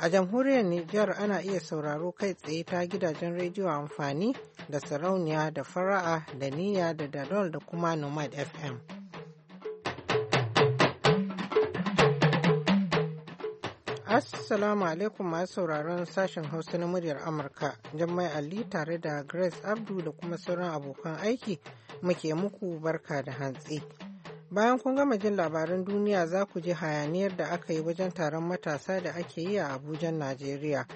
A jamhuriyar Nijar ana iya sauraro kai tsaye ta gidajen rediyo amfani da sarauniya da fara'a da niyya da dadol da kuma nomad FM. Assalamu alaikum masu sauraron sashen Hausa na muryar Amurka, Jummai Ali tare da Grace Abdu da kuma sauran abokan aiki muke muku barka da hantsi. Bayan kun gama jin labaran duniya za ku ji hayaniyar da aka yi wajen taron matasa da ake yi a Abuja, Najeriya.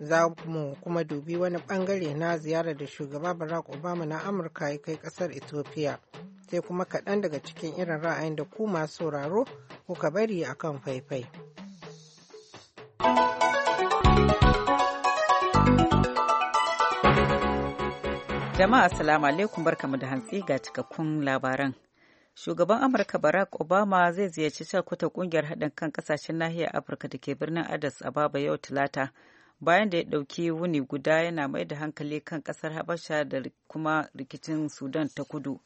Za mu kuma dubi wani bangare na ziyarar da shugaba Barack Obama na Amurka ya kai kasar Ethiopia. Sai kuma kaɗan daga cikin irin ra'ayin da ku masu sauraro kuka bari a kan faifai. Jama'a salamu alaikum barkamu da hantsi ga cikakkun labaran. shugaban amurka barack obama zai ziyarci shakuta kungiyar haɗin kan ƙasashen nahiyar afirka da ke birnin addis ababa yau talata bayan da ya ɗauki wuni guda yana mai da hankali kan ƙasar habasha da kuma rikicin sudan ta kudu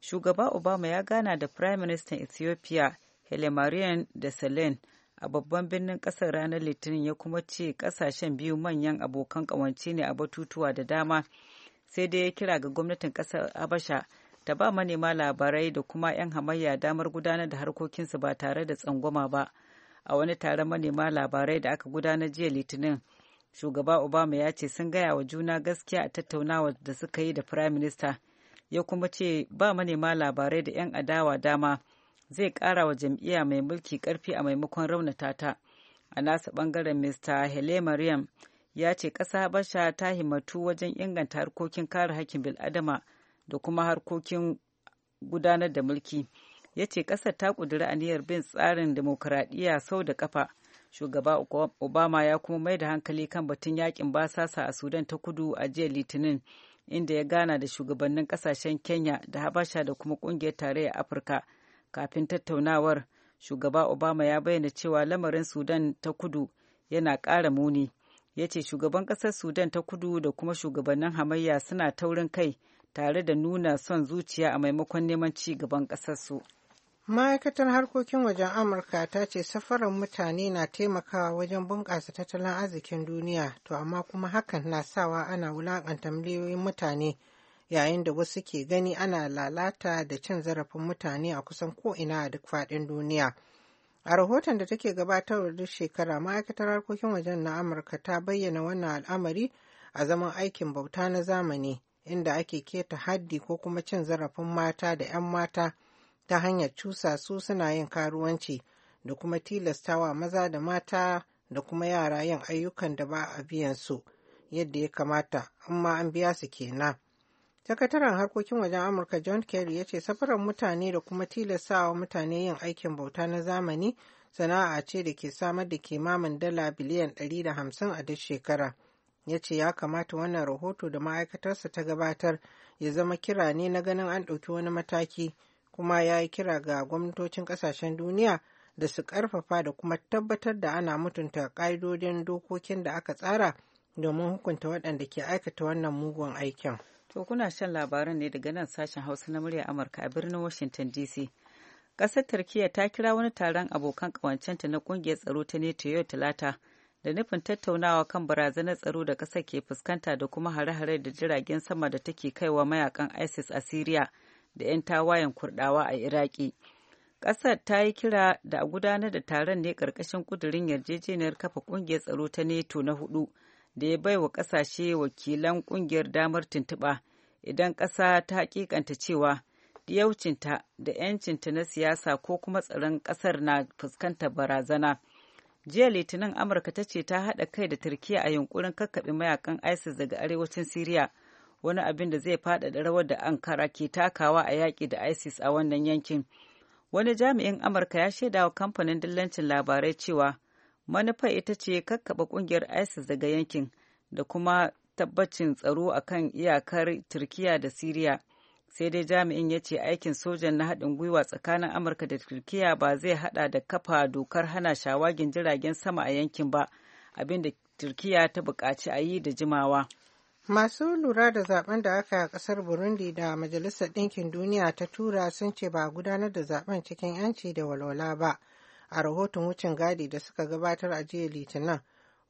shugaba obama ya gana da prime minister ethiopia hailemariam da selen a babban birnin ƙasar ranar litinin ya kuma ce kasashen biyu manyan abokan ƙawance ne a batutuwa da dama sai dai ya kira ga gwamnatin ƙasar habasha da ba manema labarai da kuma 'yan hamayya damar gudanar da harkokinsu ba tare da tsangwama ba a wani taron manema labarai da aka gudanar jiya litinin shugaba obama ya ce sun gaya wa juna gaskiya a tattaunawar da suka yi da prime minister ya kuma ce ba manema labarai da 'yan adawa dama zai kara wa jam'iyya mai mulki karfi a maimakon raunata ta a nasa bangaren mr hele mariam ya ce ƙasa basha ta himmatu wajen inganta harkokin kare hakkin bil'adama da kuma harkokin gudanar da mulki ya ce ƙasar ta ƙudiri aniyar bin tsarin demokuraɗiyya sau da kafa shugaba obama ya kuma mai da hankali kan batun yakin basasa a sudan ta kudu a jiya litinin inda ya gana da shugabannin ƙasashen kenya da habasha da kuma ƙungiyar tarayyar afirka kafin tattaunawar shugaba obama ya bayyana cewa lamarin sudan ta kudu yana ƙara muni ya ce shugaban ƙasar sudan ta kudu da kuma shugabannin hamayya suna taurin kai tare da nuna son zuciya a maimakon neman ci gaban ƙasarsu. ma'aikatar harkokin wajen amurka ta ce safarar mutane na taimakawa wajen bunƙasa tattalin arzikin duniya to amma kuma hakan na sawa ana wulaƙanta miliyoyin mutane yayin da wasu ke gani ana lalata da cin zarafin mutane a kusan ko'ina a duk faɗin duniya a rahoton da take gabatarwa duk shekara ma'aikatar harkokin wajen na amurka ta bayyana wannan al'amari a zaman aikin bauta na zamani inda ake keta haddi ko kuma cin zarafin mata da 'yan mata ta hanyar cusa su suna yin karuwanci da kuma tilastawa maza da mata da kuma yara yin ayyukan da ba a biyan su yadda ya kamata amma an biya su kenan. sakataren harkokin wajen amurka john kerry ya ce safarar mutane da kuma tilastawa mutane yin aikin bauta na zamani sana'a ce da ke samar da kimamin dala biliyan 150 a duk shekara ya ce ya kamata wannan rahoto da ma'aikatarsa ta gabatar ya zama kira ne na ganin an ɗauki wani mataki kuma ya yi kira ga gwamnatocin ƙasashen duniya da su ƙarfafa da kuma tabbatar da ana mutunta ƙa'idodin dokokin da aka tsara domin hukunta waɗanda ke aikata wannan mugun aikin. To kuna shan labaran ne daga nan sashen Hausa na murya Amurka a birnin Washington DC. Ƙasar Turkiyya ta kira wani taron abokan ƙawancenta na ƙungiyar tsaro ta NATO yau Talata da nufin tattaunawa kan barazanar tsaro da ƙasar ke fuskanta da kuma hare-hare da jiragen sama da take kaiwa mayakan isis a syria da 'yan tawayen kurdawa a iraki ƙasar ta yi kira da a gudanar da taron ne ƙarƙashin ƙudurin yarjejeniyar kafa ƙungiyar tsaro ta neto na hudu da ya bai wa ƙasashe wakilan ƙungiyar damar tuntuɓa idan ƙasa ta hakikanta cewa yaucinta da 'yancinta na siyasa ko kuma tsaron ƙasar na fuskantar barazana. jiya litinin amurka ta ce ta haɗa kai da turkiya a yunkurin kakkaɓe mayakan isis daga arewacin syria wani abin da zai faɗaɗa rawar da ankara ke takawa a yaƙi da isis a wannan yankin wani jami'in amurka ya shaida wa kamfanin dillancin labarai cewa manufar ita ce kakkaɓe ƙungiyar isis daga yankin da kuma tabbacin tsaro akan iyakar turkiya da syria sai dai jami'in ya ce aikin sojan na haɗin gwiwa tsakanin amurka da turkiya ba zai haɗa da kafa dokar hana shawagin jiragen sama a yankin ba abinda da turkiya ta buƙaci a yi da jimawa masu lura da zaben da aka yi a ƙasar burundi da majalisar ɗinkin duniya ta tura sun ce ba gudanar da zaben cikin yanci da walwala ba a rahoton wucin gadi da suka gabatar a jiya litinin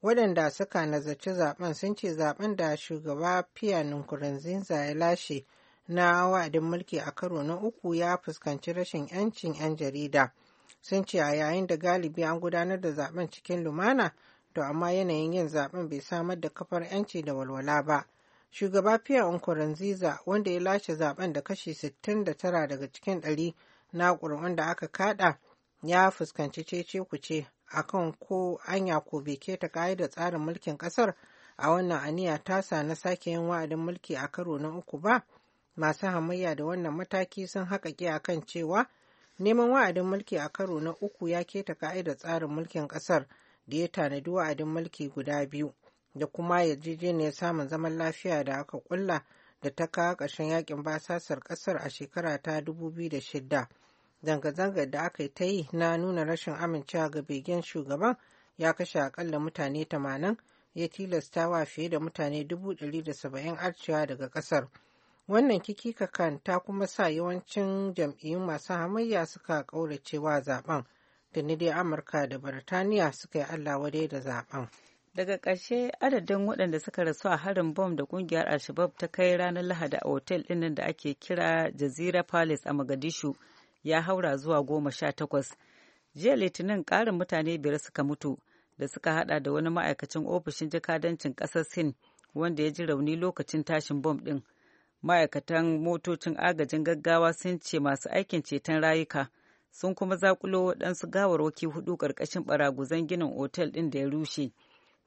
waɗanda suka nazarci zaben sun ce zaben da shugaba pierre nkurunziza ya lashe na wa'adin mulki a karo na uku ya fuskanci rashin 'yancin 'yan jarida sun ce a yayin da galibi an gudanar da zaben cikin lumana to amma yanayin yin zaben bai samar da kafar 'yanci da walwala ba shugaba pierre nkurunziza wanda ya lashe zaben da kashi 69 daga cikin 100 na ƙuri'un da aka kada ya fuskanci cece kuce kan ko anya ko bai keta da tsarin mulkin kasar a wannan aniya tasa na sake yin wa'adin mulki a karo na uku ba masu hamayya da wannan mataki sun haƙaƙe a kan cewa neman wa'adin mulki a karo na uku ya keta ka'idar tsarin mulkin ƙasar da ya tanadi wa'adin mulki guda biyu da kuma yarjejeniyar samun zaman lafiya da aka kulla da ta kawo ƙarshen yakin basasar ƙasar a shekara ta 2006 zanga zanga da aka ta yi na nuna rashin amincewa ga begen shugaban ya kashe akalla mutane 80 ya tilasta wa fiye da mutane 170 arcewa daga ƙasar. Wannan kikikakan ta kuma sa yawancin jam'iyyun masu hamayya suka ƙauracewa zaben, da ni dai Amurka da Birtaniya suka yi Allah wadai da zaben. daga ƙarshe adadin waɗanda suka rasu a harin bom da ƙungiyar alshabab ta kai ranar lahadi a otel nan da ake kira jazira palace a magadishu ya haura zuwa goma sha takwas jiya litinin ƙarin mutane biyar suka mutu da suka hada da wani ma'aikacin ofishin jakadancin ƙasar sin wanda ya ji rauni lokacin tashin bom ɗin ma'aikatan motocin agajin gaggawa sun ce masu aikin ceton rayuka sun kuma zakulo waɗansu gawarwaki hudu ƙarƙashin baraguzan ginin otel ɗin da ya rushe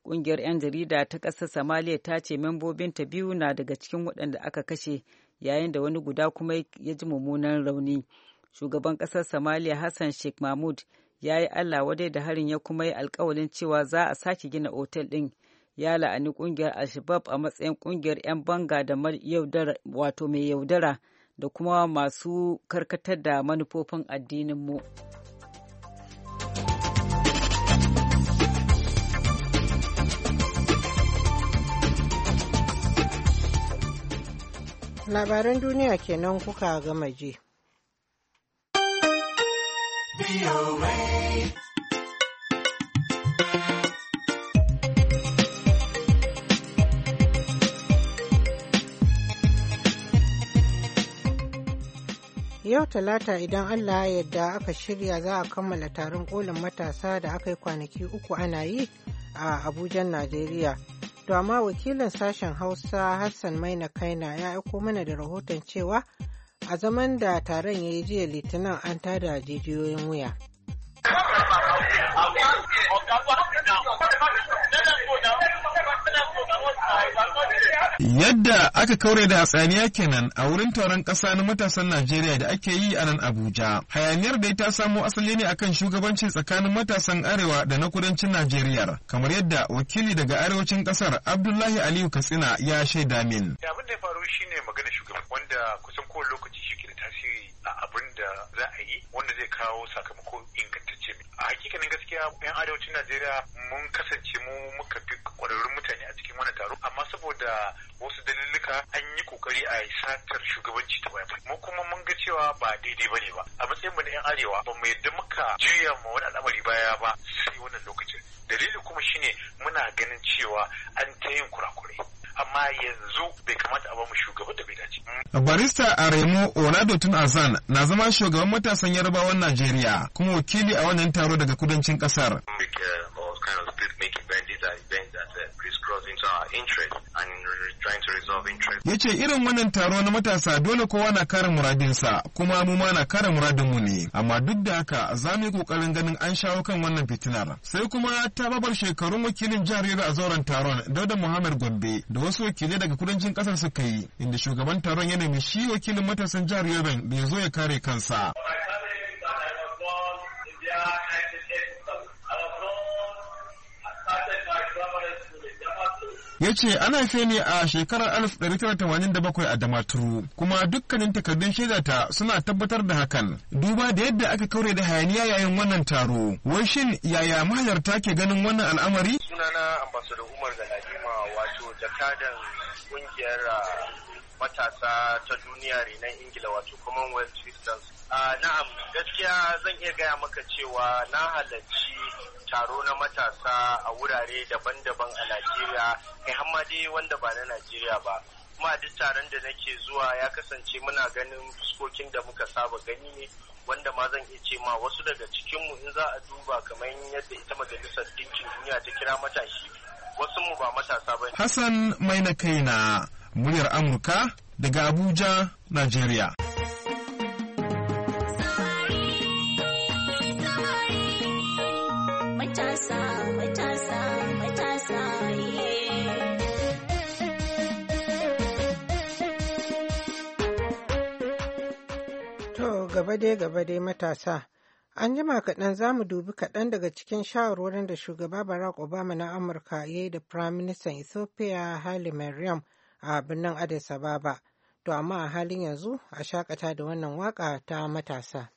ƙungiyar 'yan jarida ta ƙasar samaliya ta ce membobinta biyu na daga cikin waɗanda aka kashe yayin da wani guda kuma ya ji mummunan rauni shugaban ƙasar samaliya hassan sheikh mahmud ya yi allah wadai da harin ya kuma yi alkawalin cewa za a sake gina otel ɗin ya la'ani kungiyar alshabab a matsayin kungiyar 'yan banga da wato mai yaudara da kuma masu karkatar da manufofin addininmu. Labaran duniya kenan kuka gama je. yau talata idan allah ya yarda aka shirya za a kammala taron kolin matasa da aka yi kwanaki uku ana yi a abuja najeriya to amma wakilin sashen hausa hassan maina kaina ya aiko mana da rahoton cewa a zaman da taron ya yi jiya litinin an tada jijiyoyin wuya Yadda aka kaure da hatsaniya kenan a wurin taron ƙasa na matasan Najeriya da ake yi a nan Abuja. Hayaniyar dai ta samo asali ne akan shugabanci tsakanin matasan Arewa da na kudancin Najeriya, kamar yadda wakili daga arewacin ƙasar Abdullahi Aliyu Katsina ya shaida min. Abin da ya faru shi ne magana shugaban wanda kusan kowane lokaci shi ke da tasiri a abin da za a yi wanda zai kawo sakamako ingantacce. A hakikanin gaskiya 'yan arewacin Najeriya mun kasance mu muka fi ƙwararrun mutane a cikin cikin wani taro amma saboda wasu dalilika an yi kokari a satar shugabanci ta baya mu kuma mun ga cewa ba daidai bane ba a matsayin mu na yan arewa ba mu yadda muka juya ma wani al'amari baya ba sai wannan lokacin dalili kuma shine muna ganin cewa an ta yin kurakurai amma yanzu bai kamata a bamu shugaban da bai dace. Barista Aremu Oladotun Azan na zama shugaban matasan Yarbawan Najeriya kuma wakili a wannan taro daga kudancin kasar. Uh, ya ce irin wannan taro na matasa dole kowa na kare muradinsa kuma mu ma na kare muradinmu ne. Amma duk da haka za mu yi kokarin ganin an shawo kan wannan fitinar. Sai kuma ta babar shekarun wakilin jihar Yobe a zauren taron Dauda Muhammad Gombe da wasu wakilai daga kudancin kasar suka yi inda shugaban taron ya nemi shi wakilin matasan jihar Yobe bai zo ya kare kansa. ya ce ana fiye ne a shekarar 1987 a damaturu kuma dukkanin takardun shaidata suna tabbatar da hakan duba da yadda aka kaure da hayaniya yayin wannan taro wai shin yaya mahalarta ke ganin wannan al'amari sunana ambassador umar galadima wato jakadan kungiyar ah, matasa ta duniya renon ingila wato commonwealth christians ah, na'am gaskiya zan iya gaya maka cewa na halarci taro na matasa a wurare daban-daban a Najeriya, kai hamma dai wanda ba na Najeriya ba. Kuma duk taron da nake zuwa ya kasance muna ganin fuskokin da muka saba gani ne wanda ma zan iya ce ma wasu daga cikinmu in za a duba kamar yadda ita majalisar ɗinkin duniya ta kira matashi wasu mu ba matasa ba. Hassan mai na na muryar Amurka daga Abuja, Najeriya. gaba dai gaba dai matasa. An jima kaɗan za mu dubi kaɗan daga cikin shawarwarin da shugaba Barack Obama na Amurka ya yi da Prime Minister Ethiopia Haile Mariam a birnin Addis Ababa. To amma a halin yanzu a shakata da wannan waka ta matasa.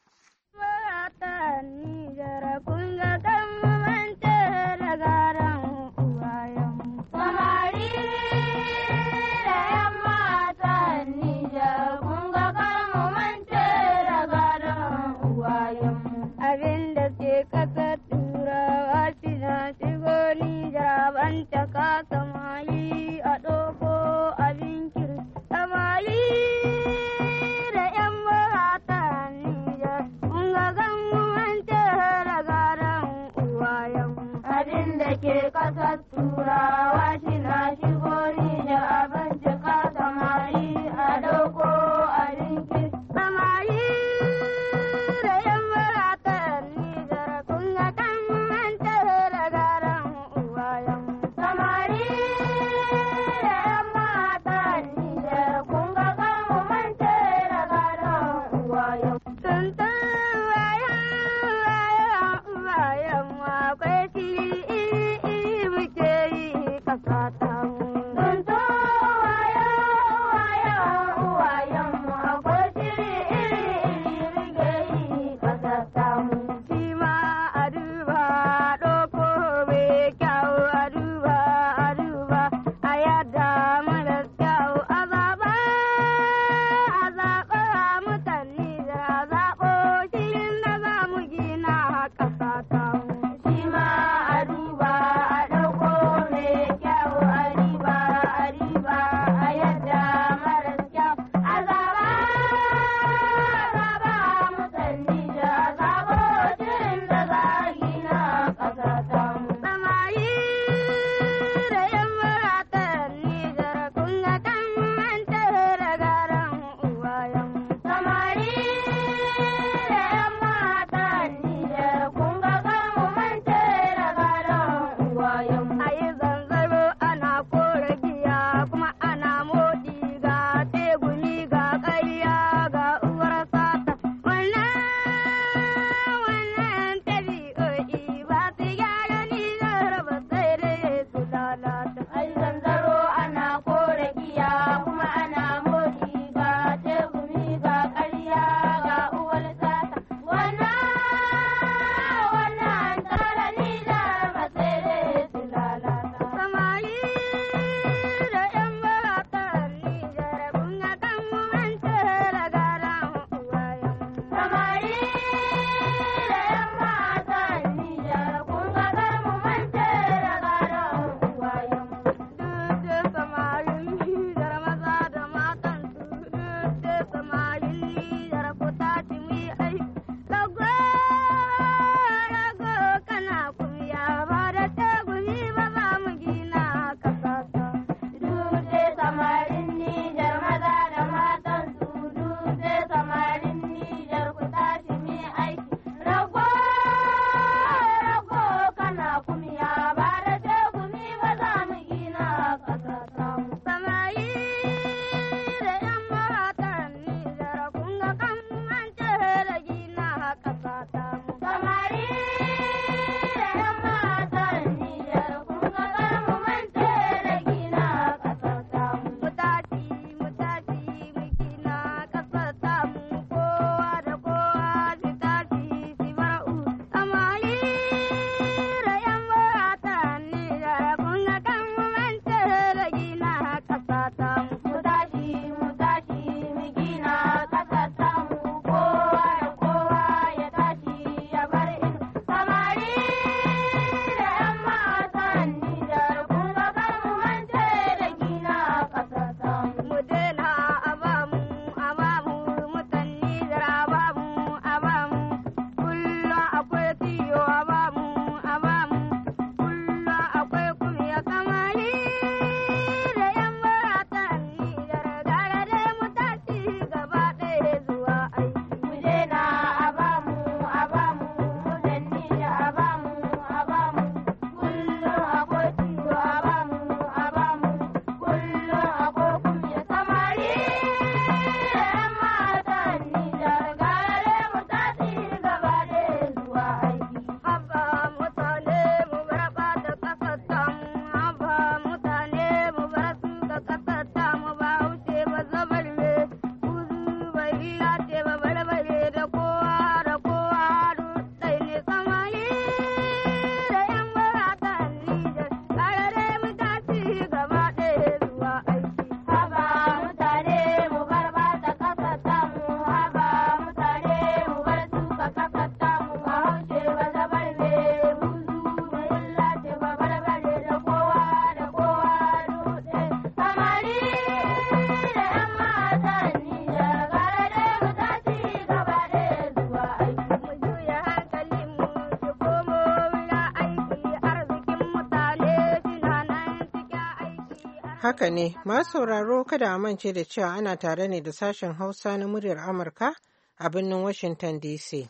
Haka ne, ma sauraro kada a mance da cewa ana tare ne da sashen Hausa na muryar Amurka a birnin Washington DC.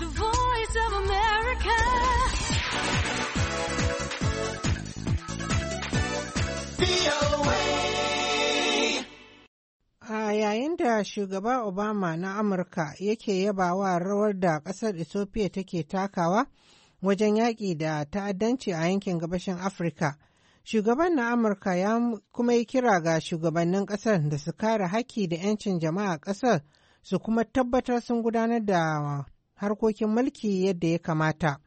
The Voice of America. A yayin da shugaba Obama na Amurka yake yabawa rawar da ƙasar Ethiopia take takawa wajen yaƙi da ta'addanci a yankin gabashin Afirka, shugaban na Amurka ya kuma yi kira ga shugabannin ƙasar da su kare haƙƙi da 'yancin jama'a ƙasar su kuma tabbatar sun gudanar da harkokin mulki yadda ya kamata.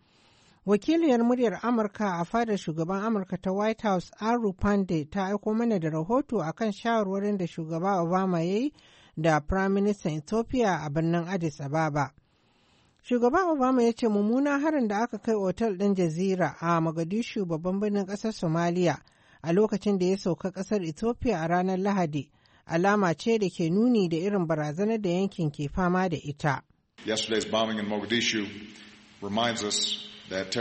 Wakiliyar muryar Amurka a fadar shugaban Amurka ta White House, Aru Pande, ta aiko mana da rahoto a kan shawarwarin da shugaba Obama ya yi da Prime Minister Ethiopia a birnin Addis Ababa. Shugaba Obama ya ce mummunan harin da aka kai otal ɗin Jazira a Mogadishu babban birnin ƙasar Somalia a lokacin da ya sauka ƙasar Ethiopia a ranar Lahadi alama ce da ke nuni da irin barazanar da yankin ke fama da ita. Yesterday's bombing Ya ce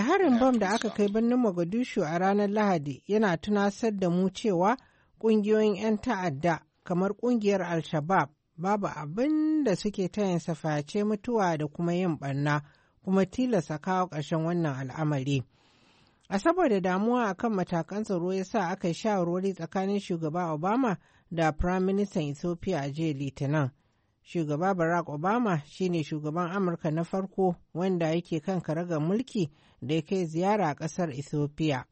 harin bam da aka kai birnin Mogadishu a ranar Lahadi yana tunasar da mu cewa ƙungiyoyin 'yan ta'adda kamar ƙungiyar Al-Shabaab babu abin da suke tayin saface mutuwa da kuma yin barna kuma tilasta kawo ƙarshen wannan al'amari. A saboda damuwa akan matakan tsaro ya sa aka shawarwari tsakanin shugaba Obama da Firaministan Ethiopia a jiya Litinin. shugaba barack obama shine shugaban amurka na farko wanda yake kan karagar mulki da ya kai ziyara a ƙasar ethiopia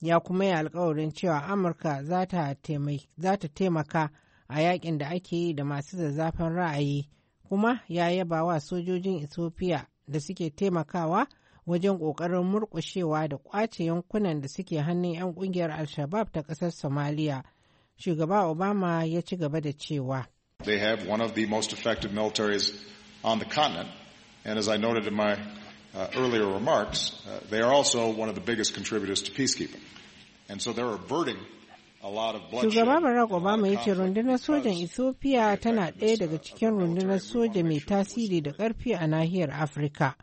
ya kuma yi alkawarin cewa amurka za ta taimaka a yakin da ake yi da masu zazzafin ra'ayi kuma ya yaba wa sojojin ethiopia da suke taimakawa wajen ƙoƙarin murkushewa da ƙwace yankunan da suke hannun 'yan ƙungiyar al-shabab ta ƙasar somalia shugaba obama ya ci gaba da cewa They have one of the most effective militaries on the continent. And as I noted in my uh, earlier remarks, uh, they are also one of the biggest contributors to peacekeeping. And so they're averting a lot of bloodshed. Shugaba Barack Obama ya ce rundunar sojan Ethiopia tana ɗaya daga cikin rundunar soja mai tasiri da ƙarfi a nahiyar Afirka,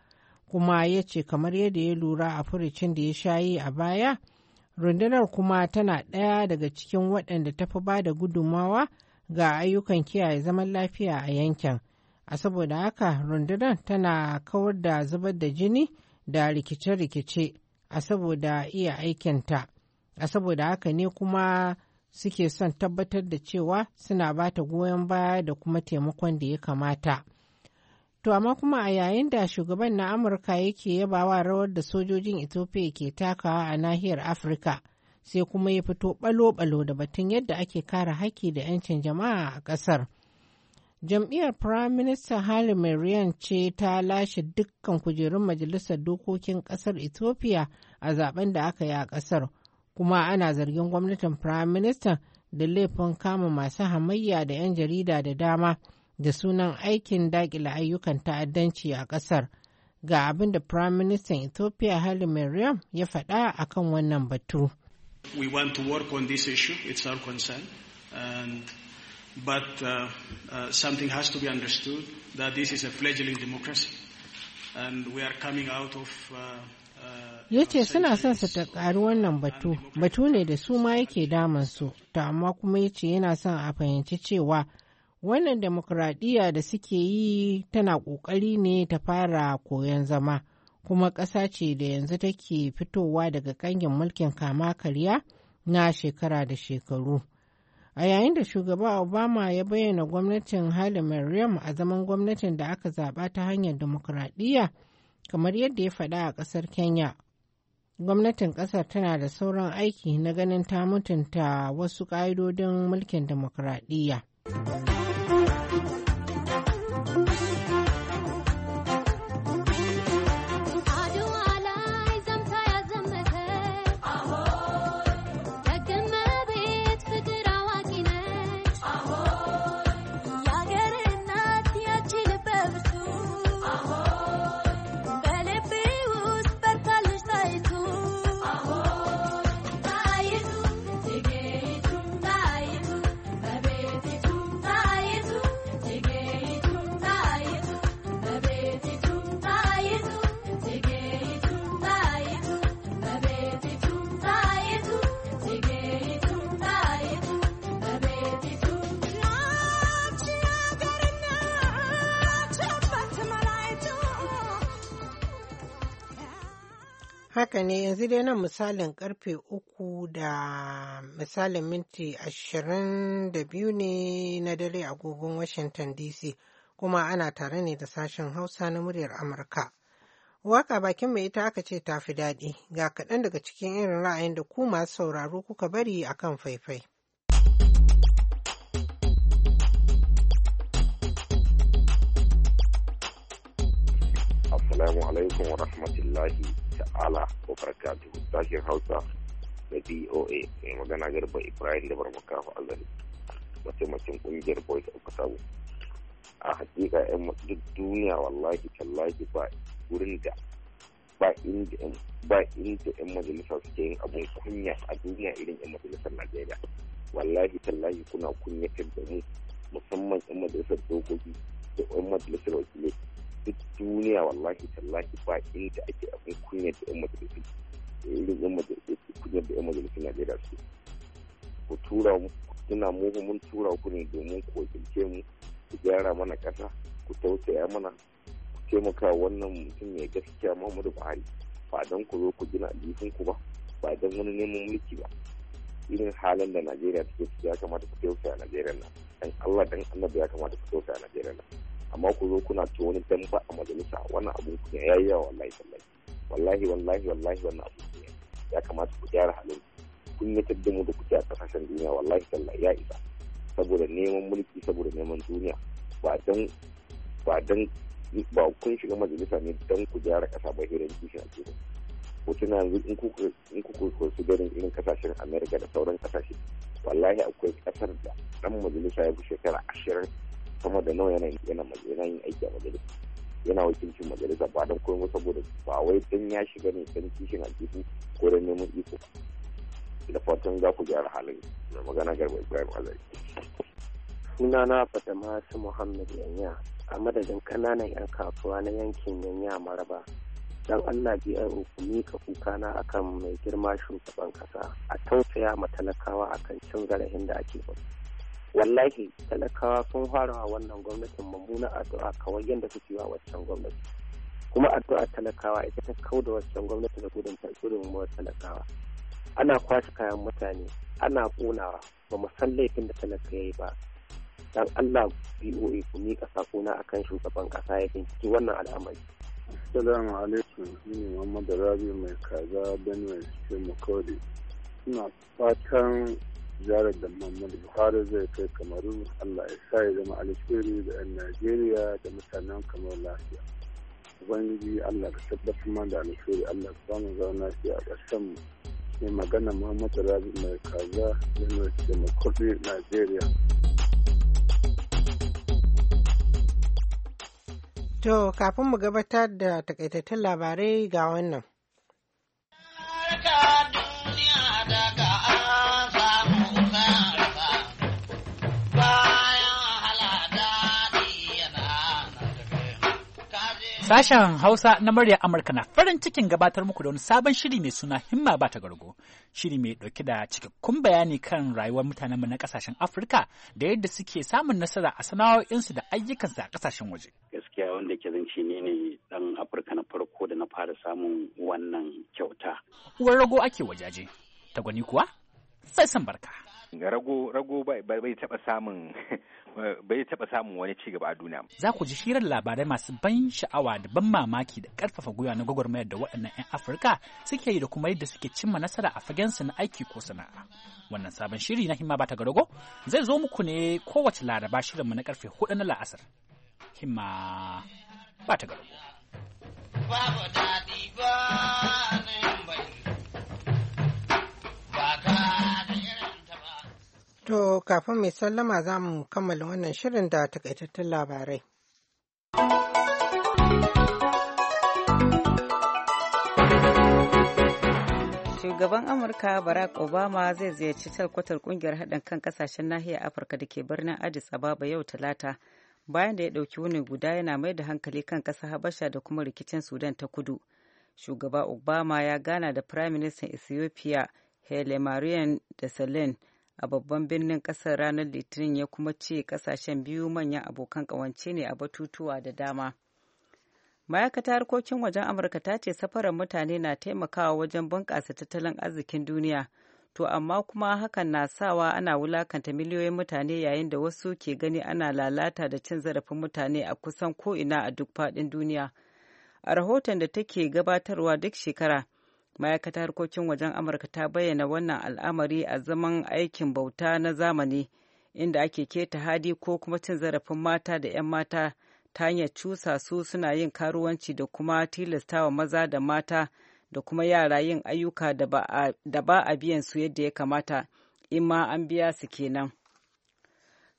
kuma ya ce kamar yadda ya lura a furicin da ya shayi a baya, rundunar kuma tana ɗaya daga cikin waɗanda ta fi ba da gudummawa ga ayyukan kiyaye zaman lafiya a yankin. A saboda haka rundunar tana kawar da zubar da jini da rikice-rikice a saboda iya aikinta. A saboda haka ne kuma suke son tabbatar da cewa suna ba ta goyon baya da kuma taimakon da ya kamata. To amma kuma a yayin da shugaban na Amurka yake yabawa rawar da sojojin Ethiopia ke takawa a nahiyar Afirka. sai kuma ya fito balo-balo da batun yadda ake kare haƙƙi da 'yancin jama'a a ƙasar. Jam'iyyar Prime Minister Hali ce ta lashe dukkan kujerun Majalisar Dokokin ƙasar Ethiopia a zaben da aka yi a ƙasar, kuma ana zargin gwamnatin Prime Minister da laifin kama masu hamayya da 'yan jarida da dama da sunan aikin daƙila ayyukan ta'addanci a ƙasar. Ga abin da Prime Minister Ethiopia Hali ya faɗa akan wannan batu. We want to work on this issue. It's our concern. And, but uh, uh, something has to be understood that this is a fledgling democracy. And we are coming out of. Uh, uh ya ce suna son su ta ƙari wannan batu batu ne da su ma yake damansu ta amma kuma ya ce yana son a fahimci cewa wannan demokuraɗiyya da suke yi tana ƙoƙari ne ta fara koyon zama kuma ƙasa ce da yanzu take fitowa daga ƙangin mulkin kama karya na shekara da shekaru. A yayin da shugaba Obama ya bayyana gwamnatin Haile Mariam a zaman gwamnatin da aka zaɓa ta hanyar demokuraɗiyya kamar yadda ya faɗa a ƙasar Kenya. Gwamnatin ƙasar tana da sauran aiki na ganin ta mutunta wasu ƙa'idodin mulkin demokuraɗiyya. Haka ne yanzu dai nan misalin karfe uku da misalin minti ashirin da biyu ne na dare agogon Washington DC kuma ana tare ne da sashen Hausa na muryar Amurka. Waka bakin mai ita aka ce tafi daɗi ga kaɗan daga cikin irin ra'ayin da ku masu sauraro kuka bari akan faifai. Assalamu alaikum wa rahmatullahi ala ko farka barakatu sashen hausa da doa mai magana garba ibrahim da barmakafa azali mataimakin kungiyar boys of kasabu a hakika yan duk duniya wallahi tallahi ba wurin da ba inda yan majalisa suke yin abin kunya a duniya irin yan majalisar najeriya wallahi tallahi kuna kunyatar da mu musamman yan majalisar dokoki da yan majalisar wakilai duk duniya wallahi tallahi ba inda ake abin kunya da yan majalisun irin yan majalisun kunya da yan majalisun najeriya su ku tura mu suna mu mun tura ku ne domin ku wakilce mu ku gyara mana ƙasa ku tausaya mana ku taimaka wannan mutum mai gaskiya muhammadu buhari ba don ku zo ku gina alifin ku ba ba don wani neman mulki ba irin halin da najeriya take ciki ya kamata ku tausaya najeriya nan dan allah dan Allah ya kamata ku tausaya najeriya nan amma ku zo kuna ce wani damba a majalisa wannan abun kunya ya yi yawa wallahi wallahi wallahi wallahi wannan abun ne ya kamata ku gyara halin kun yi da mu da kuke a kasashen duniya wallahi wallahi ya isa saboda neman mulki saboda neman duniya ba dan ba dan ba kun shiga majalisa ne dan ku gyara kasa ba hirin kishin a cikin ko tuna yanzu in ku in su garin irin kasashen America da sauran kasashe wallahi akwai kasar da dan majalisa ya fi shekara ashirin sama da nawa yana yana majalisa yin aiki a majalisa yana wakilcin majalisa ba don koyon saboda ba wai dan ya shiga ne dan kishin aljihu ko dan neman iko da fatan za ku gyara halin da magana garba ibrahim azari sunana fatama su muhammad yanya a madadin kananan 'yan kasuwa na yankin yanya maraba dan Allah biya ka kuka na akan mai girma shugaban kasa a tausaya ma talakawa akan cin zarafin da ake ba. wallahi talakawa sun fara wannan gwamnatin mummuna addu'a kawai yadda suke wa waccan gwamnati kuma addu'a talakawa ita ta kau da waccan gwamnati da gudun gudunmuwar talakawa ana kwashe kayan mutane ana ƙonawa ba mu san laifin da talaka ya yi ba dan Allah BOA ku miƙa sakona akan shugaban ƙasa ya binciki wannan al'amari. Assalamu alaikum ni ne Muhammad Rabi mai kaza Benue Shemakode. Ina fatan ziyarar da muhammadu buhari zai kai kamaru allah ya sa ya zama alheri da 'yan najeriya da mutanen kamar lafiya ubangiji allah ka tabbatar ma da alheri allah ka samu zaman lafiya a ƙarshen mu mai magana muhammadu rabi mai kaza yana da najeriya to kafin mu gabatar da takaitattun labarai ga wannan Sashen Hausa na murya Amurka na farin cikin gabatar muku da wani sabon shiri mai suna himma ba ta gargo. Shiri mai ɗauke da cikakkun bayani kan rayuwar mutanenmu na kasashen Afirka da yadda suke samun nasara a sana'o'insu da ayyukansu a kasashen waje. Gaskiya wanda ke zan ne ne ɗan Afirka na farko da na fara samun wannan kyauta. Uwar rago ake wajaje, ta kuwa? Sai san barka. Rago rago bai taɓa samun bai taɓa samun wani ci gaba a duniya. Za ku ji hirar labarai masu ban sha'awa da ban mamaki da ƙarfafa gwiwa na gwagwarmayar da waɗannan 'yan Afirka suke yi da kuma yadda suke cimma nasara a fagen su na aiki ko sana'a. Wannan sabon shiri na Himma Bata Garogo zai zo muku ne kowace laraba shirinmu na karfe hudu na la'asar. Himma Bata Garogo. Babu To kafin mai sallama za mu kammala wannan shirin da takaitattun labarai. Shugaban Amurka Barack Obama zai ziyarci talkwatar kungiyar haɗin kan ƙasashen nahiyar Afirka da ke birnin Addis Ababa yau Talata. Bayan da ya ɗauki wuni guda yana mai da hankali kan ƙasa Habasha da kuma rikicin Sudan ta kudu. Shugaba Obama ya gana da Prime Minister Ethiopia Hele Mariam da a babban birnin kasar ranar litinin ya kuma ce kasashen biyu manyan abokan kawance ne a batutuwa da dama ma'aikatar harkokin wajen amurka ta ce safarar mutane na taimakawa wajen bunƙasa tattalin arzikin duniya to amma kuma hakan na sawa ana wulakanta miliyoyin mutane yayin da wasu ke gani ana lalata da cin zarafin mutane a kusan ko'ina a duk faɗin duniya a rahoton da take gabatarwa duk shekara ma'aikatar harkokin wajen amurka ta bayyana wannan al'amari a zaman aikin bauta na zamani inda ake keta hadi ko kuma cin zarafin mata da 'yan mata ta hanyar cusa su suna yin karuwanci da kuma tilastawa maza da mata da kuma yara yin ayyuka da ba a biyan su yadda ya kamata in ma an biya su kenan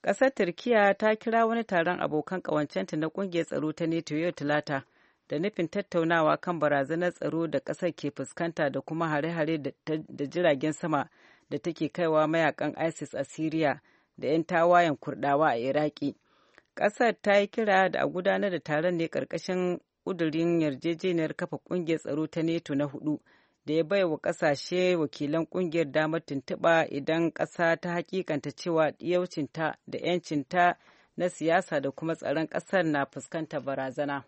ƙasar turkiya ta kira wani taron abokan ƙawancenta na ƙungiyar tsaro ta neto yau talata da nufin tattaunawa kan barazanar tsaro da ƙasar ke fuskanta da kuma hare-hare da jiragen sama da take kaiwa mayakan isis a syria da 'yan tawayen kurdawa a iraki ƙasar ta yi kira da a gudanar da taron ne ƙarƙashin ƙudurin yarjejeniyar kafa ƙungiyar tsaro ta neto na hudu da ya bai wa ƙasashe wakilan ƙungiyar damar tuntuɓa idan ƙasa ta hakikanta cewa ɗiyaucinta da 'yancinta na siyasa da kuma tsaron ƙasar na fuskantar barazana.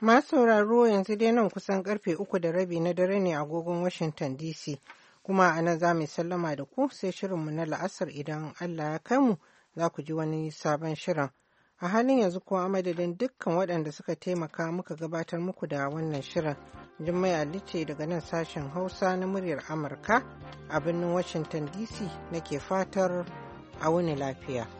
Masu sauraro yanzu dai nan kusan karfe uku da rabi na dare ne a agogon Washington DC. Kuma a nan za mu sallama da ku sai shirinmu na la'asar idan Allah ya kai mu za ku ji wani sabon shirin. A halin yanzu kuwa madadin dukkan waɗanda suka taimaka muka gabatar muku da wannan shirin. Jummai Ali ce daga nan sashen Hausa na muryar Amurka a birnin Washington DC nake fatar a wuni lafiya.